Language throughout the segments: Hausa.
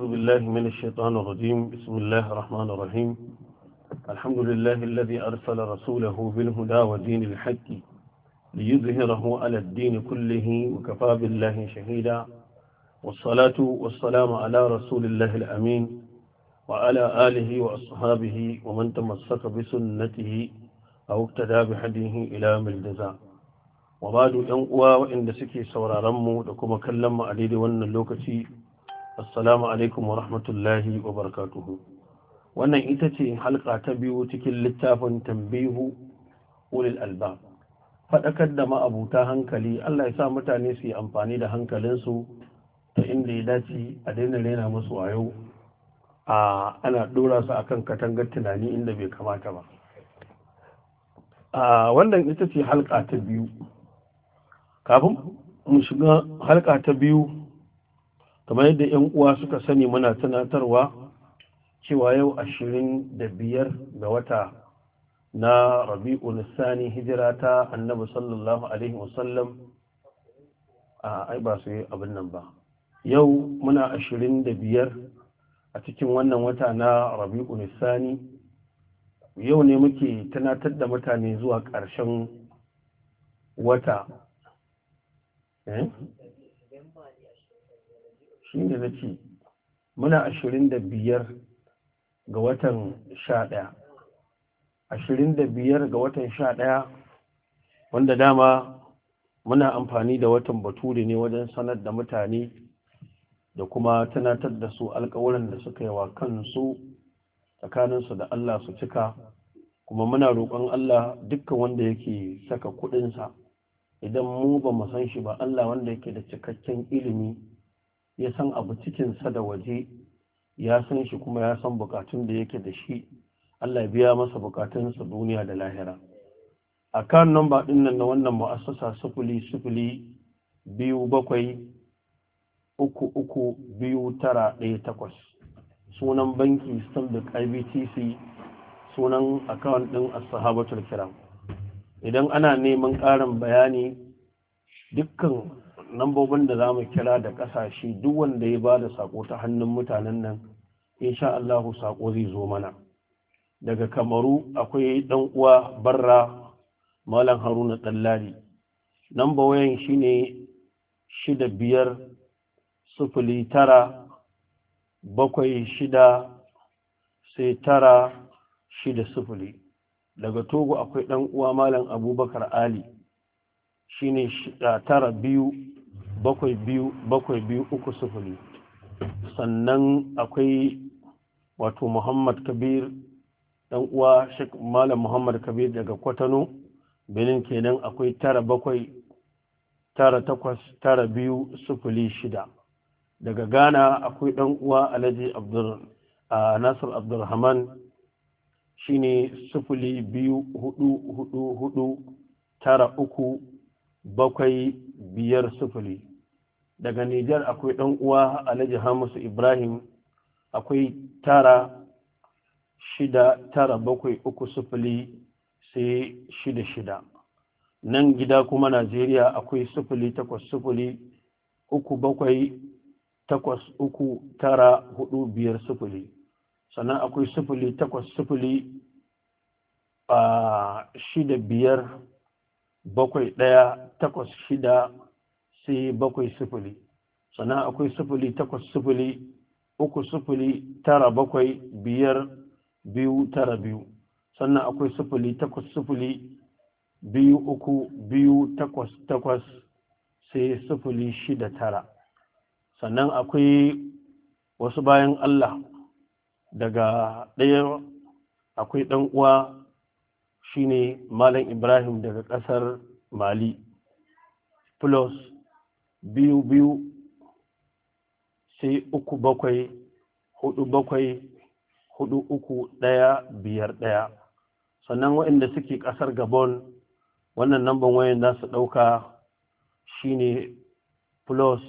أعوذ بالله من الشيطان الرجيم بسم الله الرحمن الرحيم الحمد لله الذي أرسل رسوله بالهدى ودين الحق ليظهره على الدين كله وكفى بالله شهيدا والصلاة والسلام على رسول الله الأمين وعلى آله وأصحابه ومن تمسك بسنته أو اقتدى بحديه إلى ملجزا وبعد أن أوا وإن سكي سورا رمو لكم كلم عليه وأن اللوكتي assalamu alaikum wa rahmatullahi wa barakatuhu wannan ita ce halka ta biyu cikin littafin tambihu ulil alba faɗakar da ma'abuta hankali Allah ya sa mutane su yi amfani da hankalinsu ta inda ya dace a daina rena musu a yau a ana ɗora su kan katangar tunani inda bai kamata ba a wannan ita ce halka ta biyu kafin mu shiga halka ta biyu kamar yadda 'yan uwa suka sani muna tunatarwa cewa yau ashirin da biyar ga wata na rabi'ul sani hijira ta annabi sallallahu alaihi wasallam a ai ba su yi abin nan ba yau muna ashirin da biyar a cikin wannan wata na rabi'ul sani yau ne muke tunatar da mutane zuwa ƙarshen wata eh? shi ne na ce muna ashirin da biyar ga watan sha ɗaya ashirin da biyar ga watan sha ɗaya wanda dama muna amfani da watan bature ne wajen sanar da mutane da kuma tunatar da su alkawuran da suka yi wa kansu tsakaninsu da Allah su cika kuma muna roƙon Allah dukkan wanda yake saka kuɗinsa idan mu ba mu san shi ba Allah wanda yake da cikakken ilimi ya san abu cikinsa da waje ya san shi kuma ya san bukatun da yake da shi Allah biya masa bukatunsa duniya da lahira akan namba ɗin nan na wannan mu'assasa sufuli sufuli biyu bakwai uku uku biyu tara ɗaya takwas sunan banki stanbic ibtc sunan akawun ɗin asahabatul kiram idan ana neman ƙarin bayani dukkan lambobin da za mu kira da ƙasashe duk wanda ya ba da saƙo ta hannun mutanen nan insha Allahu saƙo zai zo mana daga kamaru akwai ɗan uwa barra malam haruna ɗallari Namba wayan shine shida biyar sufuli tara bakwai shida sai tara shida sufuli daga togo akwai ɗan uwa malam abubakar ali shine ah, tara biyu bakwai biyu bakwai biyu uku sufuri sannan akwai wato muhammad kabir dan uwa shek malam muhammad kabir daga kwatano benin kenan akwai tara bakwai tara takwas tara biyu sufuri shida daga ghana akwai dan uwa alhaji abdul nasir shi shine sufuri biyu hudu hudu hudu tara uku bakwai biyar sufuri. daga Nijar akwai ɗan uwa Alhaji Hamisu Ibrahim akwai tara shida tara bakwai uku sufuli sai shida shida nan gida kuma Najeriya akwai sufuli takwas sufuli uku bakwai takwas uku tara hudu biyar sufuli sannan akwai sufuli takwas sufuli a ah, shida biyar bakwai ɗaya takwas shida sai bakwai sifili sannan akwai sifili takwas sifili uku sifili tara bakwai biyar biyu tara biyu sannan akwai sifili takwas sifili biyu uku biyu takwas takwas sai sifili shida tara sannan akwai wasu bayan Allah daga ɗaya akwai ɗan uwa shine Malam Ibrahim daga ƙasar Mali plus biyu biyu sai uku bakwai hudu bakwai hudu uku daya biyar daya. sannan waɗanda suke ƙasar gabon wannan namban wayan za su ɗauka shine plus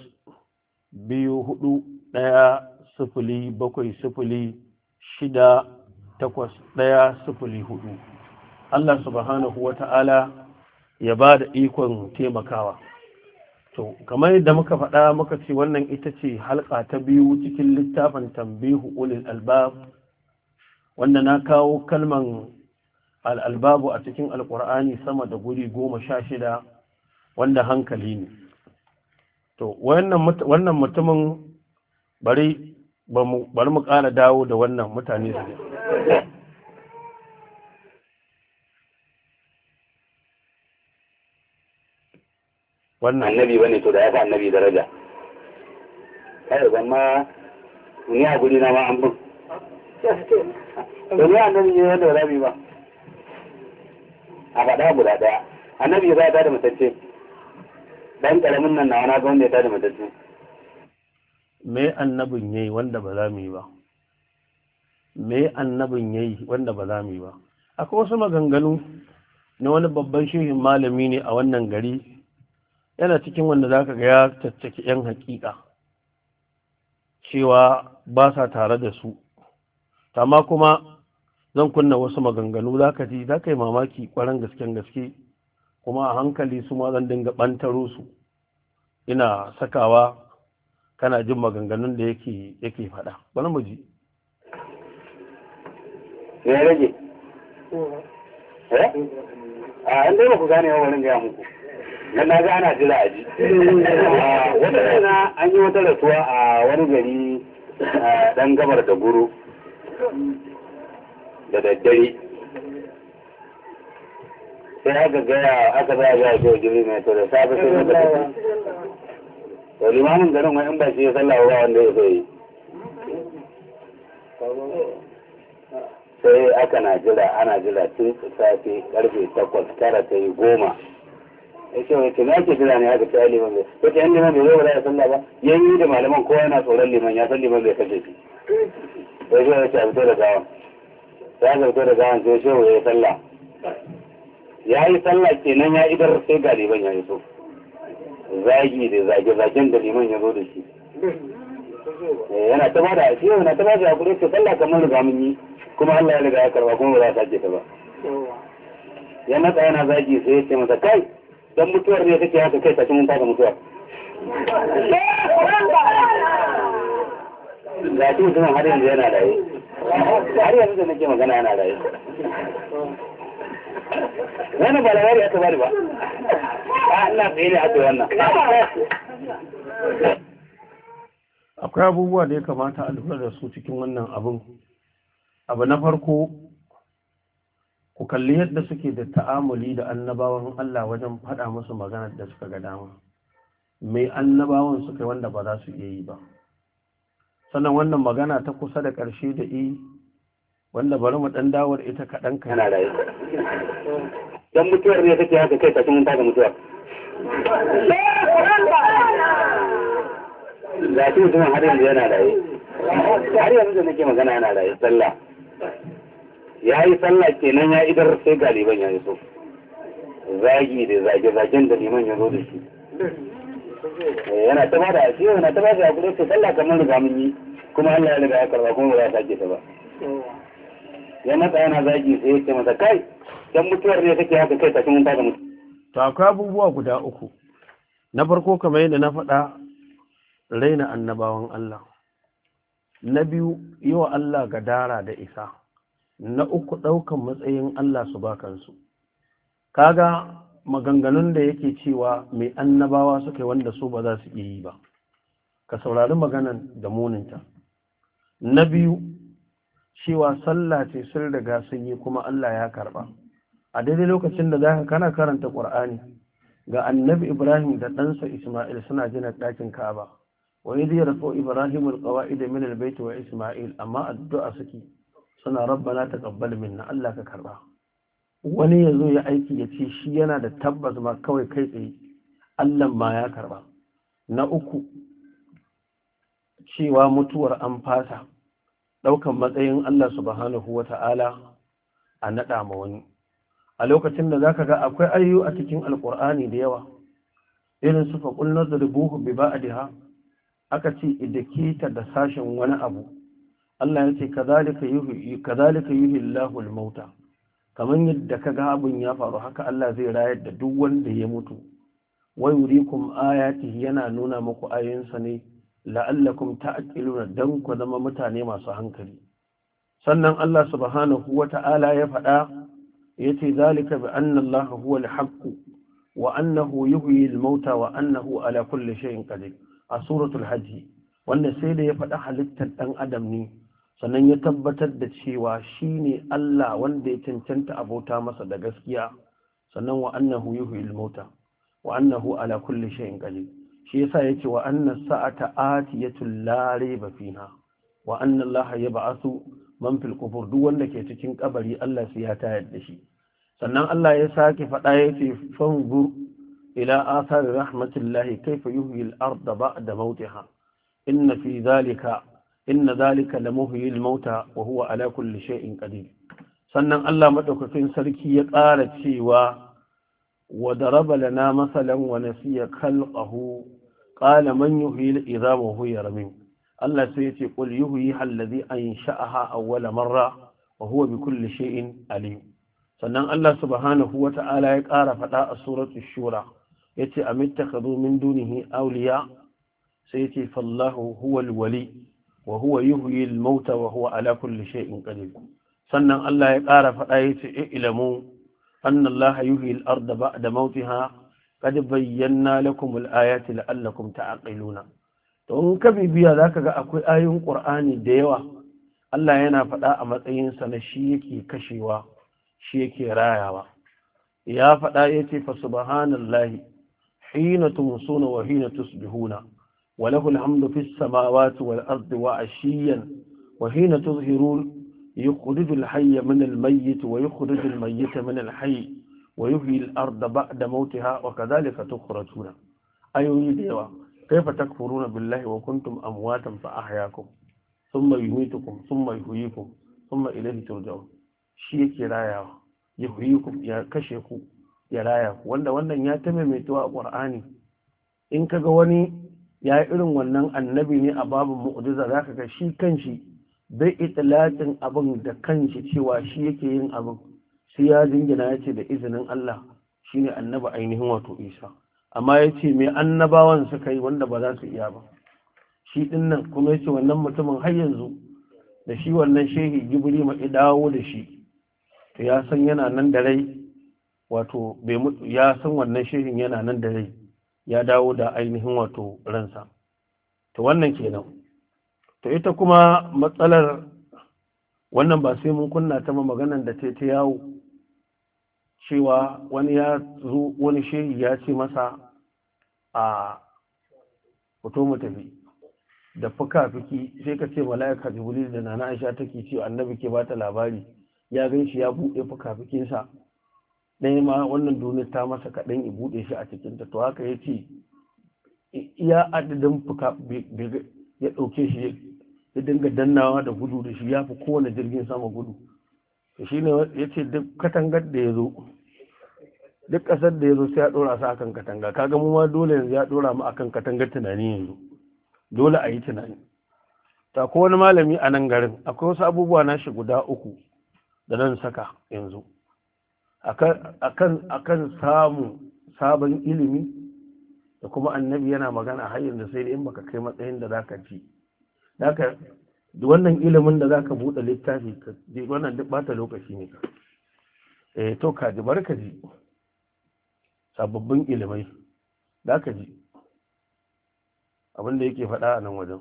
biyu hudu daya sifili bakwai sifili shida takwas daya sifili hudu Allah subhanahu wa ta'ala ya ba da ikon taimakawa. to kamar yadda muka faɗa muka ce wannan ita ce halƙa ta biyu cikin littafin tambihu ulil albab wanda na kawo kalman al'albabu a cikin alkur'ani sama da guri goma sha shida wanda hankali ne to wannan mutumin bari mu ƙara dawo da wannan mutane su wannan annabi bane to da ya fi annabi daraja kai ban ma ni a guri na ma an bin domin annabi ne wanda rabi ba a faɗa guda ɗaya annabi ya zata da mutacce dan karamin nan na na ga wanda ya tada mutacce me annabin yayi wanda ba za mu yi ba me annabin yayi wanda ba za mu yi ba akwai wasu maganganu na wani babban shehin malami ne a wannan gari yana cikin wanda za ka gaya ya caccaki 'yan haƙiƙa cewa ba sa tare da su tama kuma zan kunna wasu maganganu za ka ji za ka yi mamaki ƙwarar gasken gaske kuma a hankali su ma zan dinga ɓantaro su ina sakawa kana jin maganganun da yake faɗa bari mu ji ya rage eh, eh? Ah, a ku gane ga muku dan na ga ana jira a ji ah, wata rana an yi wata rasuwa a wani gari ah, dan gabar da guru da daddare sai aka gaya aka za a gaya kyau jiri mai tura da sai na tafi Da limamin garin wani ba shi ya sallah ba wanda ya sai sai aka na jira ana jira tun safe karfe takwas tara ta yi goma ya ce wai na ke jira ne haka sai liman bai wata yan liman bai zo ba za a sallah ba yanyi da malaman kowa yana tsoron liman ya san liman bai kashe shi ya ce wai a fito da gawan ya ga fito da gawan sai shehu ya sallah ya yi sallah kenan ya idar sai ga liman ya yi so zagi da zage zagen da liman ya zo da shi eh, yana ta bada a ciwo yana ta bada a kudin sallah kamar riga mun yi kuma Allah ya riga ya karba kuma ba za a sake ta ba ya matsa yana zagi sai ya ce masa kai don mutuwar ne take haka kai tashi mun fara mutuwa ga shi mutumin har yanzu yana raye har yanzu da nake magana yana raye wani ba labari aka bari ba a ina tsaye ne aka wannan akwai abubuwa da ya kamata a lura da su cikin wannan abin abu na farko ku kalli yadda suke da ta'amuli da annabawan Allah wajen faɗa musu maganar da suka ga dama mai annabawan suka wanda ba za su iya yi ba sannan wannan magana ta kusa da ƙarshe da i wanda bari mu ɗan dawar ita kaɗan ka yana rayu dan mutuwar ne take haka kai ta mun tada mutuwar Zafi mutumin har yanzu yana raye, har yanzu da nake magana yana raye, sallah. ya yi sallah kenan ya idar sai ga liman ya so. zagi da zage zagen da liman ya zo da shi eh, yana ta bada asiri yana ta bada hakuri dace sallah kamar riga mun yi kuma Allah ya riga ya karba kuma ba za sake ta ba ya matsa yana zagi sai ya masa kai dan mutuwar ne take haka kai tashi mun bada mutu to akwai abubuwa guda uku na farko kamar yadda na faɗa raina annabawan Allah na biyu yi wa Allah gadara da isa na uku ɗaukan matsayin Allah su ba kansu kaga maganganun da yake cewa mai annabawa suka wanda su ba za su iya yi ba ka saurari maganan da muninta na biyu cewa sallah ce sun riga sun yi kuma Allah ya karɓa. a daidai lokacin da zaka kana karanta Qur'ani ga Annabi Ibrahim da ɗansa Isma'il suna gina ɗakin Ka'aba wa idh yarfu Ibrahim da min albayt wa Isma'il amma addu'a suke suna rabbana taqabbal minna Allah ka karba wani ya zo ya aiki ya ce shi yana da tabbas ma kawai kai tsaye Allah ma ya karba na uku cewa mutuwar an fasa ɗaukan matsayin Allah subhanahu wa ta'ala a naɗa ma wani a lokacin da zaka ga akwai ayyu a cikin alkur'ani da yawa irin su faƙulnar da rubuhu bi ba'adiha aka ce idakita da sashen wani abu Allah ya ce kazalika yuhi kazalika al-mauta kamar yadda kaga abin ya faru haka Allah zai rayar da duk wanda ya mutu wa yurikum ayatihi yana nuna muku ayoyinsa ne la'allakum ta'qiluna dan ku zama mutane masu hankali sannan Allah subhanahu wata'ala ya faɗa yace zalika bi anna Allah huwa al-haqq wa annahu yuhyi al-mauta wa annahu ala kulli shay'in qadir a suratul hajj wannan sai da ya faɗa halittar ɗan adam ne sannan ya tabbatar da cewa shi ne Allah wanda ya cancanta abota masa da gaskiya sannan wa annahu yuhyil mauta wa annahu ala kulli shay'in qadir shi yasa yace wa anna sa'ata atiyatul la rayba fiha wa laha ya ba'asu man fil kufur, duk wanda ke cikin kabari Allah sai ya tayar da shi sannan Allah ya sake faɗa ya ce fanzur ila rahmatullahi rahmatillahi kayfa yuhyil arda ba'da mautiha inna fi dhalika inna zalika la muhyil mauta wa huwa ala kulli shay'in qadir sannan Allah madaukakin sarki ya ƙara cewa wa daraba lana masalan wa nasiya khalqahu qala man yuhyil idhama wa huwa ramim Allah sai ya ce qul yuhyi alladhi ansha'aha awwala marra wa huwa bi kulli shay'in alim sannan Allah subhanahu wa ta'ala ya ƙara faɗa a suratu shura yace amittakhadhu min dunihi awliya sai yace fallahu huwal wali wa huwa yuhyi al-mauta wa huwa ala kulli shay'in qadir sannan Allah ya ƙara faɗa yace ilamu anna Allah yuhyi al-ardha ba'da mautiha qad bayyana lakum al-ayati la'allakum ta'qiluna to in ka bibiya zaka ga akwai ayoyin Qur'ani da yawa Allah yana faɗa a matsayin sa na shi yake kashewa shi yake rayawa ya faɗa yace fa subhanallahi hina tumsuna wa hina tusbihuna وله الحمد في السماوات والأرض وعشيا وحين تظهرون يخرج الحي من الميت ويخرج الميت من الحي ويحيي الأرض بعد موتها وكذلك تخرجون أيوه ديوا كيف تكفرون بالله وكنتم أمواتا فأحياكم ثم يميتكم ثم يحييكم ثم إليه ترجعون شيك يرايا يحييكم يا كشيكو يرايا وانا وانا ياتم ميتوا قرآني إن كغواني ya irin wannan annabi ne a babu mu'ujiza za ka ga shi kanshi bai itilatin abin da kanshi cewa shi yake yin abin sai ya jingina ya ce da izinin Allah shi ne annaba ainihin wato Isa amma ya ce mai annabawan suka yi wanda ba za su iya ba shi din nan kuma ya ce wannan mutumin har yanzu da shi wannan shehi jibri ya dawo da shi ya san yana nan da rai wato ya san wannan shehin yana nan da rai ya dawo da ainihin wato ransa to wannan kenan to ita kuma matsalar wannan ba sai mun kunna ta ma maganar da ta yawo cewa wani ya zo wani shehi ya ce masa a fito mu tafi da fuka-fuki sai ka ce mala'ika jibril da nana aisha take ce annabi ke bata labari ya gan shi ya buɗe fuka-fukinsa ɗaya ma wannan duniyar ta masa kaɗan ya buɗe shi a cikin ta to haka ya ce iya adadin fuka ya ɗauke shi ya dinga dannawa da gudu da shi ya fi kowane jirgin sama gudu shi ne ya ce duk katangar da ya zo duk ƙasar da ya zo sai ya ɗora su akan katanga kaga mu ma dole yanzu ya ɗora mu akan katangar tunani yanzu dole a yi tunani ta ko wani malami a nan garin akwai wasu abubuwa na shi guda uku da nan saka yanzu A kan samu sabon ilimi da kuma annabi yana magana har yanzu sai in baka kai matsayin da zaka ci zaka wannan ilimin da zaka buɗe littafi wannan duk bata lokaci ne eh to ka ji barka ji sababbin ilimai zaka ji abin da yake faɗa a nan wajen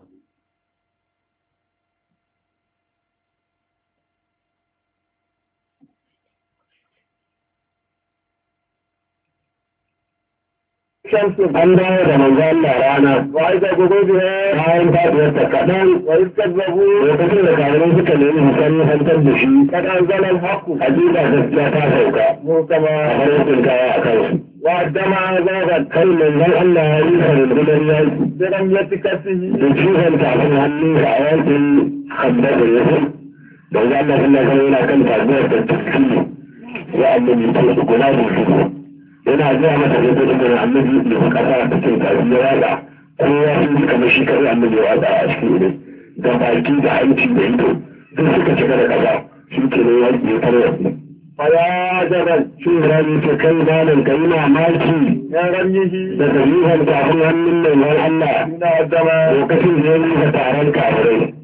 shamsu an dawo da manzo Allah rana wa aiza gobe biya bayan fadiyar ta kadan wa iskazzabu lokacin da kafirai suka nemi musamman hantar da shi kadan zalan hakku hakika gaskiya ta sauka mu kama a farkon kaya a kansu وعندما ذاك كلمة لو أن يوصل البلد برميتكته تشوفهم تعرفوا عني حياة خباب اليسر لو أن كنا كنا كنا تعبير التفكير وأن من يطلق قلاب الفكر yana zuwa mata da zai da annabi da kasa da ke tafi da yada ko ya fi kamar shi kare annabi ya wada a cikin ne da baki da hanci da ido duk suka cika da kasa shi ke ne wani ya fara yaku. Faya jabal shi rami ta kai malam ka yi mamaki ya rami da dalilin kafin hannun mai wani Allah lokacin da ya yi taron kafirai.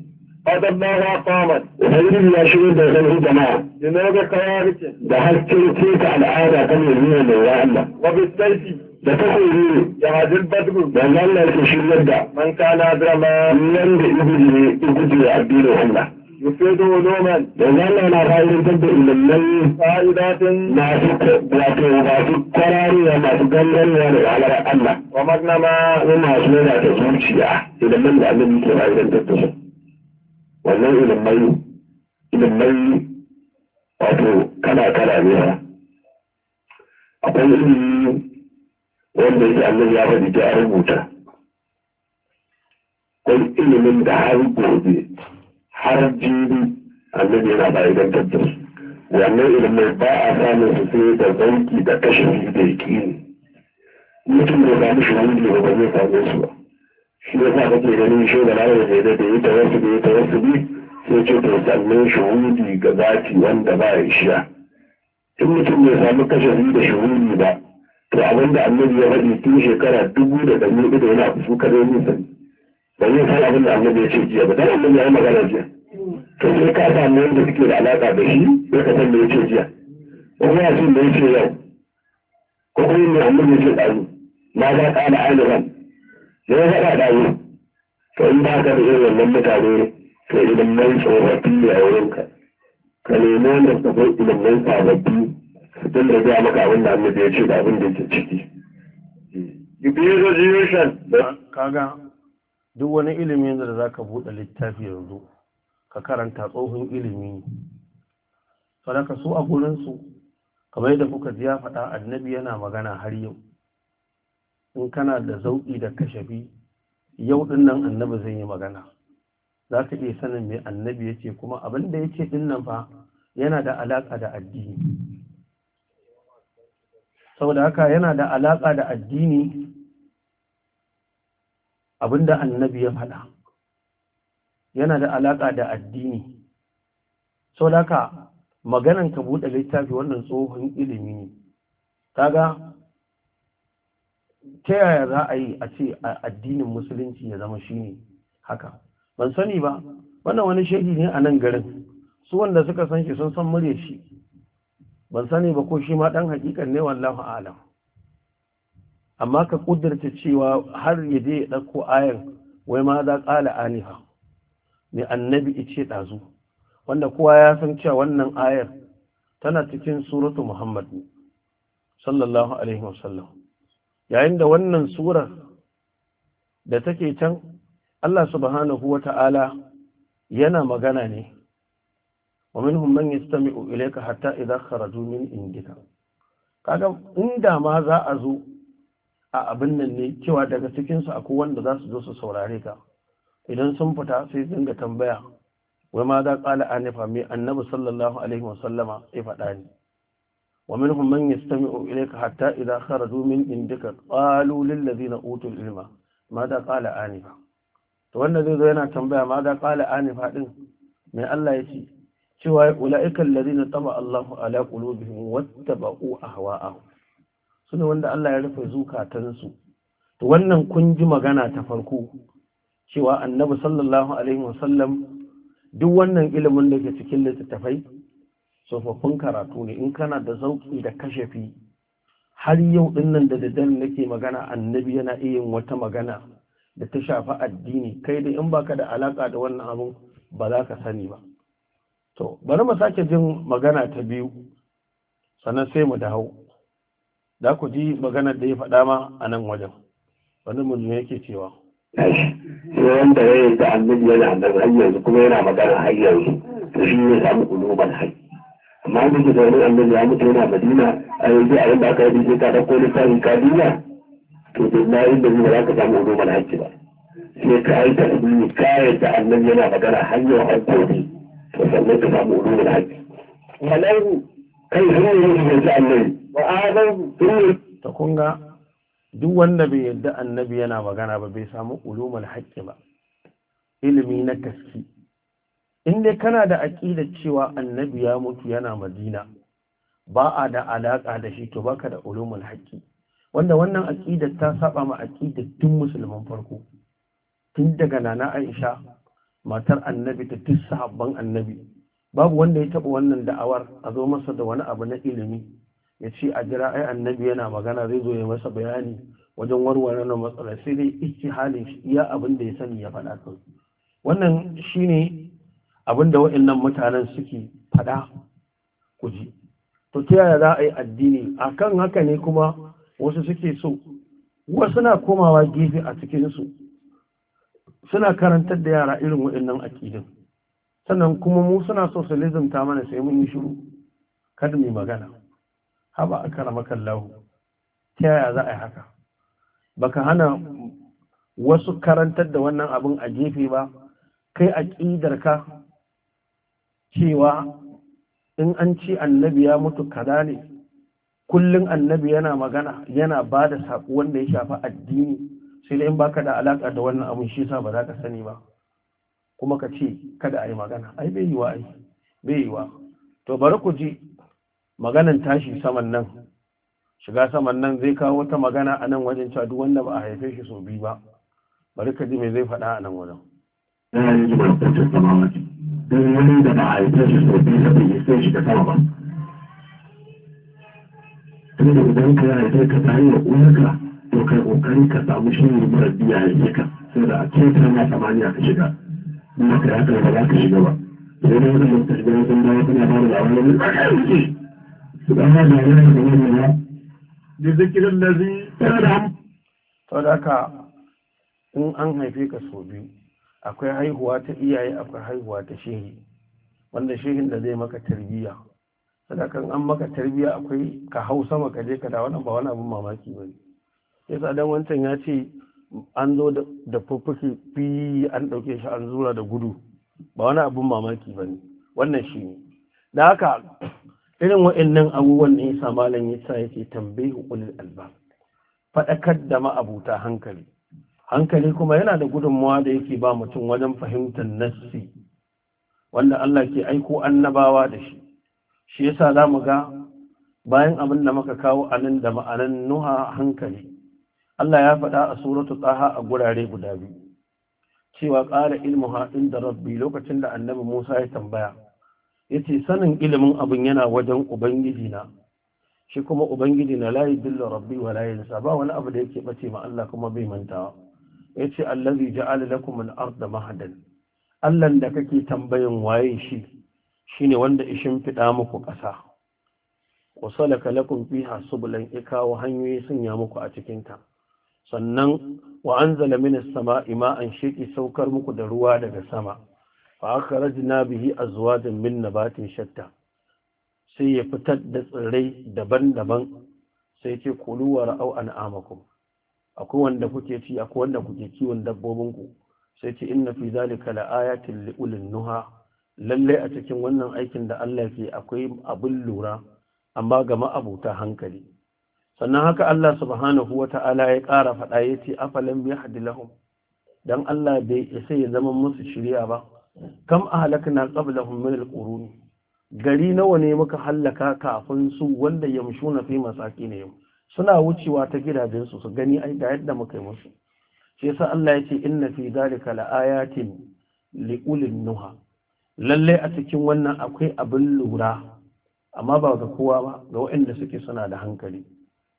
قدمناها قامت وهذه لا شيء دخله جماعة لماذا قيامته دخلت تلك العادة كم يزمين الله وبالسيف da ta koyi ya hajjin badru da Allah ke shiryar da man kana ما؟ nan da ibudi ibudi addinin Allah يفيد علوما لأن أنا غير تبدأ إلى الليل فائدات ما فيك وما فيك قراري وما تقنن وما على الله ومغنما وما سنة تزوجيا إلى من لأمن كما يرد التزوج wannan ilimai ilimai wato kala kala ne ha akwai ilimi wanda yake Allah ya faɗi ta rubuta akwai ilimin da har gobe har jibi annabi yana bayan da su wannan ilimin ba a samun su sai da zauki da kashin da yake ne mutum da ba mishi wani ba zai same su ba shi ya sa ke ganin shi da lalata da da da ita wasu da ita wasu bi sai ce to sannan shahudi ga zati wanda ba ya shiya in mutum bai samu kashe su da shahudi ba to abin da annabi ya faɗi tun shekara dubu da ɗari hudu da yana su kare nisan ba zai san abin da annabi ya ce jiya ba dan annabi ya yi magana jiya to sai ka samu wanda suke da alaƙa da shi sai ka san da ya ce jiya ko kuma ya ce ya ce yau ko kuma yin ne annabi ya ce ɗazu ma za ka ana ainihin ne ya faɗa da wuri to in ba ka da irin wannan mutane to idan nan tsofaffi ne a wurinka ka nemi wannan akwai idan nan sababbi don da zai maka abin da annabi ya ce da abin da yake ciki Jubilation. Kaga duk wani ilimi da za ka buɗe littafi yanzu ka karanta tsohon ilimi sadaka su a gurinsu kamar yadda kuka ji ya faɗa annabi yana magana har yau in kana da zauƙi da kashafi yau nan annabi zai yi magana za ka iya sanin mai annabi ya ce kuma abin da ya ce dinnan fa yana da alaƙa da addini saboda haka yana da alaƙa da addini abin da annabi ya faɗa yana da alaƙa da addini saboda haka maganan ka buɗe littafi wannan tsohon ilimi ne kaga ta yaya za a yi a ce addinin musulunci ya zama shine haka ban sani ba wannan wani shehi ne a nan garin su wanda suka san shi sun san murya shi ban sani ba ko shi ma dan hakikan ne wallahu alam amma ka kudurta cewa har ya je ya dauko ayan wai ma za qala aniha ne annabi ice dazu wanda kowa ya san cewa wannan ayar tana cikin suratu muhammad sallallahu alaihi wasallam yayin da wannan surar da take can Allah subhanahu wa ta'ala yana magana ne wa minhum man yastami'u ilayka hatta idza kharaju min indika kaga inda ma za a zo a abin nan ne cewa daga cikin su akwai wanda za su zo su saurare ka idan sun fita sai dinga tambaya wai ma za qala annabi sallallahu alaihi wasallama ya faɗa ni ومنهم من يستمع إليك حتى إذا خرجوا من عندك قالوا للذين أوتوا العلم ماذا قال آنفا والذي زينا تنبيه ماذا قال آنفا ما الله يسي سوى أولئك الذين طبع الله على قلوبهم واتبعوا أهواءهم sune wanda Allah ya rufe zukatansu to wannan kun ji magana ta farko cewa annabi sallallahu alaihi wasallam duk wannan ilimin da ke cikin littattafai tsofaffin karatu ne in kana da zauki da kashafi har yau dinnan da daddare nake magana annabi yana iya yin wata magana da ta shafi addini kai da in baka da alaka da wannan abu ba za ka sani ba to bari mu sake jin magana ta biyu sannan sai mu dawo za ku ji maganar da ya faɗa ma a nan wajen wani mutum yake cewa wanda ya yi da annabi yana annabi har yanzu kuma yana magana har yanzu shi ne samu kuluban haƙƙi amma da ke zaune annabi ya mutu yana madina a yanzu a yanda aka yi sai ka ɗauko littafin ka duniya to da na yi da ba za ka samu hudu mana hajji ba sai ka yi tasbini ka yadda annabi yana magana hanyar hankali to sannan ka samu hudu mana hajji walahu kai sun ne yake yanzu annabi wa adam sun ta kunga duk wanda bai yadda annabi yana magana ba bai samu ulumul haqqi ba ilimi na taski in dai kana da aƙidar cewa annabi ya mutu yana madina ba a da alaƙa da shi to baka da ulumul haƙi wanda wannan aƙidar ta saba ma aƙida duk musulman farko tun daga nana aisha matar annabi ta duk sahabban annabi babu wanda ya taɓa wannan da'awar a zo masa da wani abu na ilimi ya ce a jira ai annabi yana magana zai zo ya masa bayani wajen warware na matsala sai dai halin shi iya abin da ya sani ya faɗa kawai wannan shine abinda waɗannan mutanen suke fada ku ji to ta yaya za a yi addini A kan haka ne kuma wasu suke so wasu na komawa gefe a cikinsu suna karantar da yara irin waɗannan akidin sannan kuma mu suna so su mana sai mun yi shiru kada mai magana haba a kara makallahu ta yaya za a yi haka baka hana wasu karantar da wannan abin a gefe ba kai aƙidar ka cewa in an ci annabi ya mutu kaza ne kullum annabi yana magana yana ba da saƙo wanda ya shafi addini sai dai in baka da alaƙa da wannan abun shi sa ba za ka sani ba kuma ka ce kada a yi magana ai bai yiwa ai bai yiwa to bari ku ji maganan tashi saman nan shiga saman nan zai kawo wata magana a nan wajen cewa duk wanda ba a haife shi sau biyu ba bari ka ji me zai faɗa a nan wajen. yin don wani da ba a yi shi sau biyu da bai isa shi da sama ba tun da idan ka yi ka ta hanyar uwarka to kai kokari ka samu shi ne mara biya ya ka sai da a kenta na samaniya ka shiga kuma ka yaka ba za ka shiga ba sai dai wani mutum da sun dawo suna ba da labarin da ya wuce su da ma da wani da wani ba da zikirin da zai tsara to da ka in an haife ka sau biyu akwai haihuwa ta iyaye akwai haihuwa ta shehi wanda shehin da zai maka tarbiyya sadakan an maka tarbiyya akwai ka hau sama ka je ka da wannan ba wani abin mamaki ba ne yasa dan wancan ya ce an zo da fuffuke fi an ɗauke shi an zura da gudu ba wani abin mamaki ba ne wannan shi ne da haka irin wa'annan abubuwan ne ya sa malam yasa yake tambayi ulil albab faɗakar da ma ma'abuta hankali hankali kuma yana da gudunmawa da yake ba mutum wajen fahimtar nassi wanda Allah ke aiko annabawa da shi shi yasa za mu ga bayan abin da muka kawo a nan da ma'anan nuha hankali Allah ya faɗa a suratu tsaha a gurare guda biyu cewa ƙara haɗin da rabbi lokacin da annabi Musa ya tambaya Ya ce sanin ilimin abin yana wajen ubangiji na shi kuma ubangiji na layi billa rabbi wa layinsa. ba wani abu da yake bace ma Allah kuma bai mantawa yace allazi ja'ala lakum al da mahadan Allah da kake tambayin waye shi shine wanda ishin fida muku ƙasa wasalaka lakum fiha subulan ikawa hanyoyi sun ya muku a cikin ta sannan wa anzala minas sama'i ma'an shiki saukar muku da ruwa daga sama fa akhrajna bihi azwajan min nabatin shatta sai ya fitar da tsirrai daban-daban sai ce kulu wa ra'au an'amakum akwai wanda kuke ci akwai wanda kuke kiwon dabbobin ku sai ce inna fi zalika li ulil nuha lalle a cikin wannan aikin da Allah ke akwai abin lura amma ga ma'abuta hankali sannan haka Allah subhanahu wata'ala ya kara faɗa ya ce afalan bi lahum. dan Allah bai isa ya zama musu shirya ba kam ahlakna qablahum min alquruni gari nawa ne muka hallaka kafin su wanda yamshuna fi masakinihim suna wucewa ta gidajensu su gani ai ga yadda muka yi musu shi yasa Allah ya ce inna fi zalika laayatin liulin nuha lalle a cikin wannan akwai abin lura amma ba ga kowa ba ga waɗanda suke suna da hankali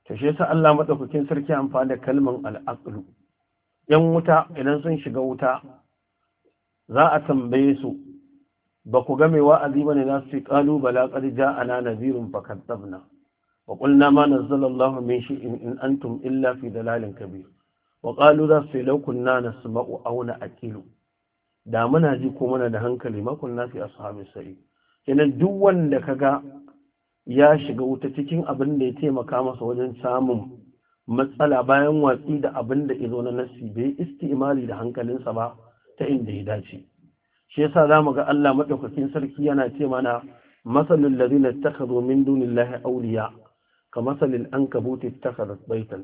to shi yasa Allah madaukakin sarki amfani da kalman al-aqlu yan wuta idan sun shiga wuta za a tambaye su ba ku ga mai wa'azi bane za su ce qalu bala qad ja'ana nadhirun fakazzabna وقلنا ما نزل الله من شيء إن أنتم إلا في دلال كبير وقالوا ذا لو كنا a أو نأكل da muna ji ko muna da hankali makon na fi ashabi sai kenan duk wanda ga ya shiga wuta cikin abin da ya taimaka masa wajen samun matsala bayan watsi da abin da izo na nasi bai istimali da hankalinsa ba ta inda ya dace shi yasa zamu ga Allah maɗaukakin sarki yana ce mana masalul ladina ittakhadhu min dunillahi awliya كمثل الأنكبوت اتخذت بيتا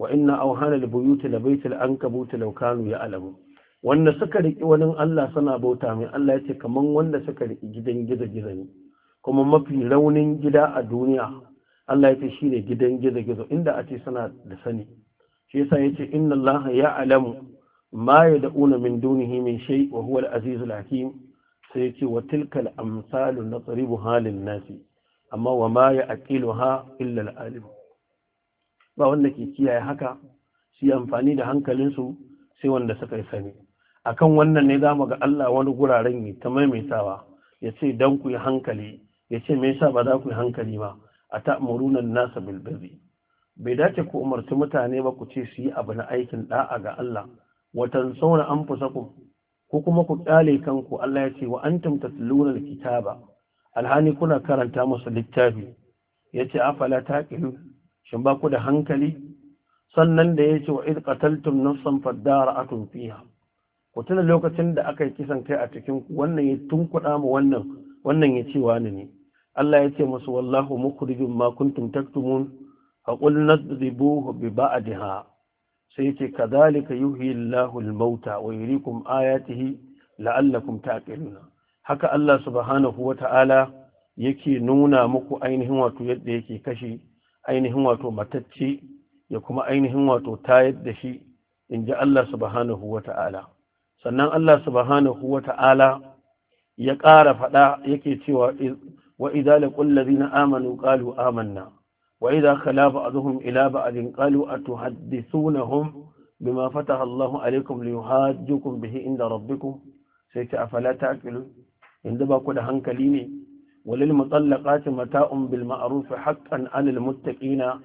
وإن أوهان البيوت لبيت الأنكبوت لو كانوا يعلمون wanda suka riƙi wani Allah suna bauta mai Allah ya ce wanda suka riƙi gidan gizo-gizo ne kuma mafi raunin gida a duniya Allah ya ce shi ne gidan gizo-gizo inda a ce suna da sani shi yasa ya ce inna Allah ya alamu ma ya una min dunihi min shai, wa huwa al-azizul hakim sai ya ce wa tilka al-amsalu natribu halin nasi amma wa ma ya aqilu ha illa al-alim ba wanda ke kiyaye haka su yi amfani da hankalinsu sai wanda suka yi sani akan wannan ne zamu ga Allah wani guraren yi ta maimaitawa ya ce dan ku yi hankali ya ce me yasa ba za ku yi hankali ba a ta'muruna nasa bil bai dace ku umarci mutane ba ku ce su yi abu na aikin da'a ga Allah watan sauna ku ko kuma ku kyale kanku Allah ya ce wa antum tatluna al-kitaba alhani kuna karanta musu littafi ya ce afala ta ƙilu shin ba ku da hankali sannan da ya ce wa iz qataltum nafsan faddara atum fiha ku tuna lokacin da aka yi kisan kai a cikin wannan ya tunkuɗa mu wannan wannan ya ce wani ne Allah ya ce musu wallahu mukhrijum ma kuntum taktumun fa qul nadribuhu bi ba'dihha sai ce kadhalika yuhyi Allahu al-mauta wa yuriikum ayatihi la'allakum ta'qiluna haka Allah subhanahu wata'ala yake nuna muku ainihin wato yadda yake kashe ainihin wato matacce ya kuma ainihin wato tayar da shi in ji Allah subhanahu wata'ala sannan Allah subhanahu wata'ala ya ƙara faɗa yake cewa wa idza laqul ladina amanu qalu amanna wa idza khala ba'dhum ila ba'din qalu atuhaddithunahum bima fataha Allahu alaykum liyuhajjukum bihi inda rabbikum sai ta afala ta'qilun yanzu ba ku da hankali ne walil mutallaqati mata'un bil ma'ruf haqqan 'alal muttaƙina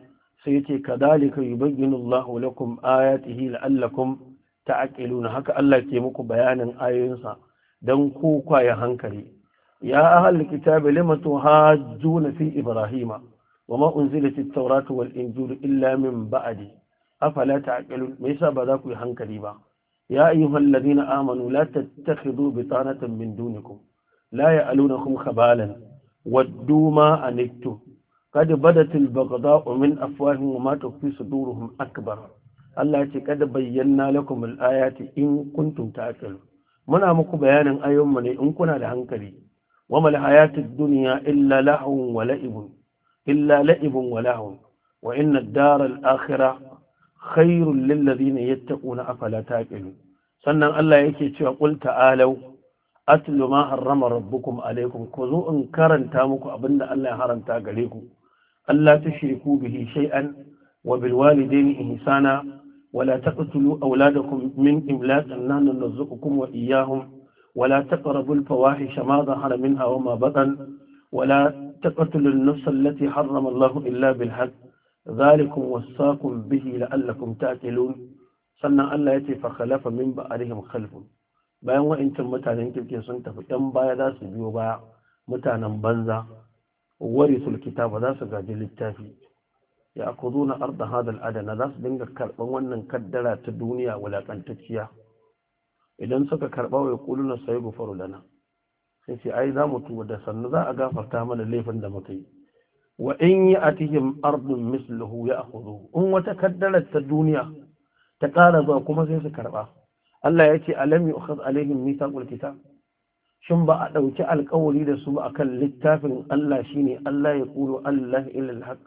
sai yace kadhalika yubayyinu allah lakum ayatihi la'allakum ta'qiluna haka Allah ke muku bayanin ayoyinsa dan ku kwaya hankali ya ahlul kitabi lima tuhajjuna fi ibrahima wa unzilat at-tauratu wal injilu illa min ba'di afala ta'qilun me yasa ba za ku yi hankali ba ya ayyuhal amanu la tattakhidhu bitanatan min dunikum la ya'alunakum khabalan waddu ma anittu kad badat al-baghdha'u min afwahihim ma tukfi suduruhum akbar Allah ce kada bayyana lakum al-ayati in kuntum ta'qilun muna muku bayanin ayyunmu ne in kuna da hankali wa mal hayatud dunya illa lahun wa la'ibun illa la'ibun wa lahun wa inna ad-dara al-akhirah khairul lil ladina yattaquna afala taqilun sannan Allah yake cewa qul ta'alu atlu ma harrama rabbukum alaikum ko in karanta muku abinda Allah ya haranta gare ku Allah ta shiriku bihi shay'an wa bil walidaini ihsana wa la taqtulu awladakum min imlaq annan nazukukum wa iyyahum wa la taqrabu al fawahisha ma dhahara minha wa ma batan wa la taqtulu an nafs allati harrama illa bil haqq dhalikum wasaqu bihi la'allakum ta'qilun sannan Allah ya fa khalafa min ba'dihim khalfun bayan wa'incan mutanen kirki sun tafi ɗan baya za su biyo baya mutanen banza warisul kitaba za su gaji littafi ya aku na arda hadal adana za su dinga karɓar wannan kaddara ta duniya wulaƙantacciya idan suka karɓa wa kulu na sai gufaru lana sai ce ai za mu tuba da sannu za a gafarta mana laifin da muka yi wa in yi atihim ardun misluhu ya aku in wata kaddarar ta duniya ta ƙara zuwa kuma sai su karɓa Allah ya ce alam yu'khad alaihim mithaqul kitab shin ba a dauki alƙawari da su ba akan littafin Allah shine Allah ya kulu Allah ila alhaq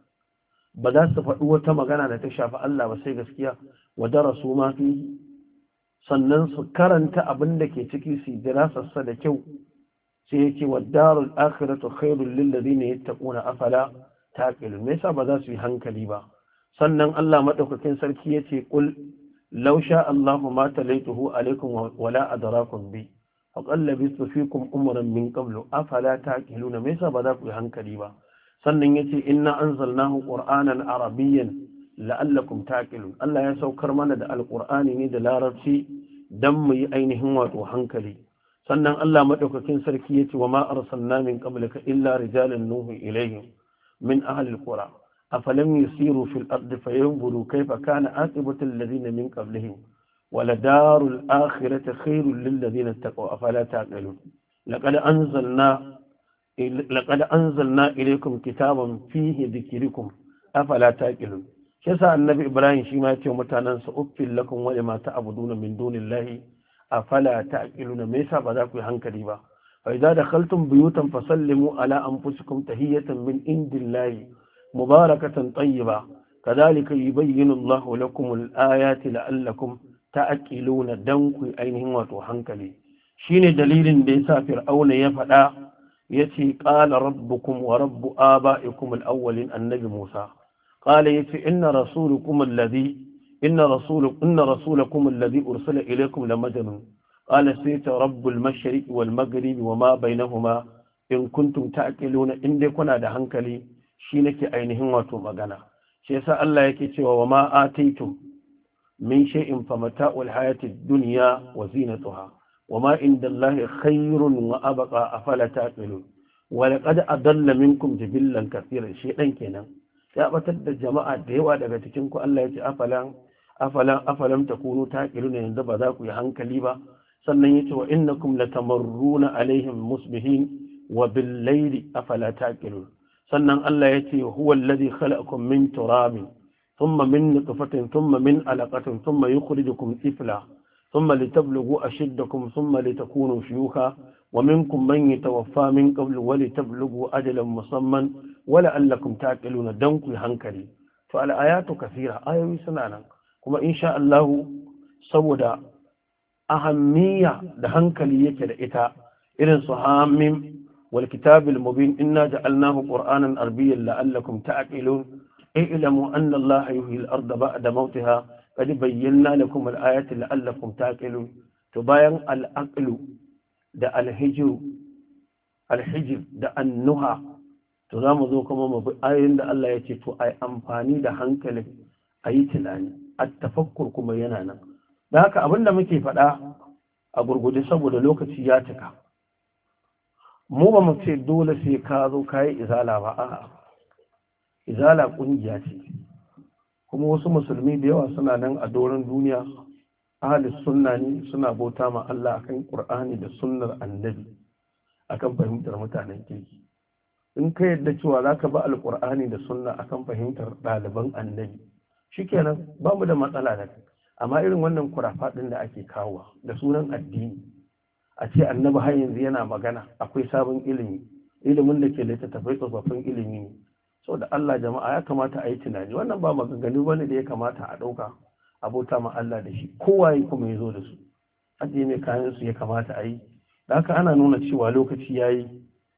ba za su faɗi wata magana da ta shafi Allah ba sai gaskiya wa darasu ma fi sannan su karanta abin da ke ciki su dirasarsa da kyau sai ya ce wa darul akhiratu khairul lil ladina yattaquna afala taqilun me yasa ba za su yi hankali ba sannan Allah madaukakin sarki yace kul لو شاء الله ما تليته عليكم ولا أدراكم بي فقال لبثت فيكم أمرا من قبل أفلا تاكلون ميسا بداك بهنك sannan ya ce inna an zalnahu ƙur'anan arabiyyan la'allakum taƙilu Allah ya saukar mana da alƙur'ani ne da larabci dan mu yi ainihin wato hankali sannan Allah madaukakin sarki ya ce wa ma arsalna min qablika illa rijalin nuhu ilayhim min ahli alqura afalam yusiru fil ardi fayanzuru kaifa kana aqibatu alladhina min qablihim wala darul akhirati khairul lil ladina taqaw afala taqilun laqad anzalna laqad anzalna ilaykum kitaban fihi dhikrukum afala taqilun kisa annabi ibrahim shi ma yace mutanen sa uffil lakum wa lima ta'buduna min dunillahi afala taqiluna me yasa ba za ku yi hankali ba fa idza dakhaltum buyutan fasallimu ala anfusikum tahiyatan min indillahi mubarakatan tayyiba kadhalika yubayyinu Allahu lakum al-ayati la'allakum ta'qiluna dan ku ainihin wato hankali shine dalilin da yasa fir'auna ya faɗa yace ƙala rabbukum wa rabbu aba'ikum al-awwalin annabi Musa qala yace inna rasulukum alladhi inna rasulukum inna rasulakum alladhi ursila ilaykum lamajnun قال سيت رب المشرق والمغرب وما بينهما in kuntum ta'qiluna in dai kuna da hankali shi nake ainihin wato magana shi yasa Allah yake cewa wa ma ataitum min shay'in fa mata'ul hayatid dunya wa zinatuha wa ma indallahi khairun wa abqa afala taqilun wa laqad adalla minkum jibillan kaseeran shedan kenan ya batar da jama'a da yawa daga cikin ku Allah yace afalan afalan afalam takunu taqiluna yanzu ba za ku yi hankali ba sannan yace wa innakum latamarruna alaihim musbihin wa bil layli afala taqilun sannan Allah ya ce huwa lalazi khalaqakum min turabi thumma min nutfatin thumma min alaqatin thumma yukhrijukum ifla thumma litablughu ashiddakum thumma litakunu shuyukha wa minkum man yatawaffa min qabl wa litablughu ajalan musamman wa la'allakum dan danku hankali to al-ayatu kathira ayoyi suna nan kuma insha saboda ahammiya da hankali yake da ita irin su hammin wal kitabil mubin inna ja'alnahu qur'anan arabiyyan la'allakum ta'qilun i'lamu anna allaha yuhyi al-ardha ba'da mawtiha qad bayyana lakum al-ayati la'allakum ta'qilun to bayan al-aqlu da al-hijr al-hijr da an-nuha to za mu zo kuma mu bi da Allah ya ce to ai amfani da hankali ayi tunani at-tafakkur kuma yana nan da haka da muke faɗa a gurguje saboda lokaci ya cika mu ba mu ce dole sai ka zo ka yi izala ba a'a izala ƙungiya ce kuma wasu musulmi da yawa suna nan a doron duniya ahalis sunna ne suna bauta ma Allah akan Qur'ani da sunnar annabi akan fahimtar mutanen kirki in ka yadda cewa za ka ba alƙur'ani da sunna akan fahimtar ɗaliban annabi shikenan ba mu da matsala da amma irin wannan kurafa ɗin da ake kawo da sunan addini a ce annabi har yanzu yana magana akwai sabon ilimi ilimin da ke littattafai tsofaffin ilimi ne saboda Allah jama'a ya kamata a yi tunani wannan ba maganganu bane da ya kamata a ɗauka abota ma Allah da shi kowaye kuma ya zo da su ajiye mai kayan su ya kamata a yi da haka ana nuna cewa lokaci ya yi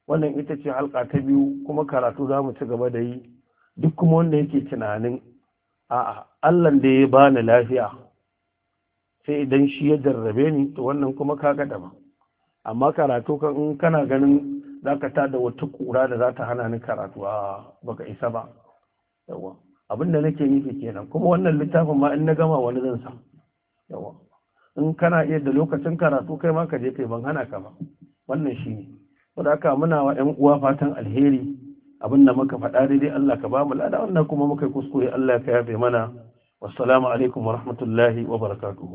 wannan ita ce halka ta biyu kuma karatu za mu ci gaba da yi duk kuma wanda yake tunanin a'a Allah da ya bani lafiya sai idan shi ya jarrabe ni to wannan kuma kaga daban amma karatu kan in kana ganin za ka da wata kura da za ta hana ni karatu a baka isa ba yawa abin da nake nufi kenan kuma wannan littafin ma in na gama wani zan sa yawa in kana iya da lokacin karatu kai ma ka je kai ban hana ka ba wannan shi ne saboda haka muna wa ƴan uwa fatan alheri abin da muka faɗa daidai Allah ka ba mu lada wannan kuma muka kuskure Allah ka yafe mana wassalamu alaikum wa rahmatullahi wa barakatuhu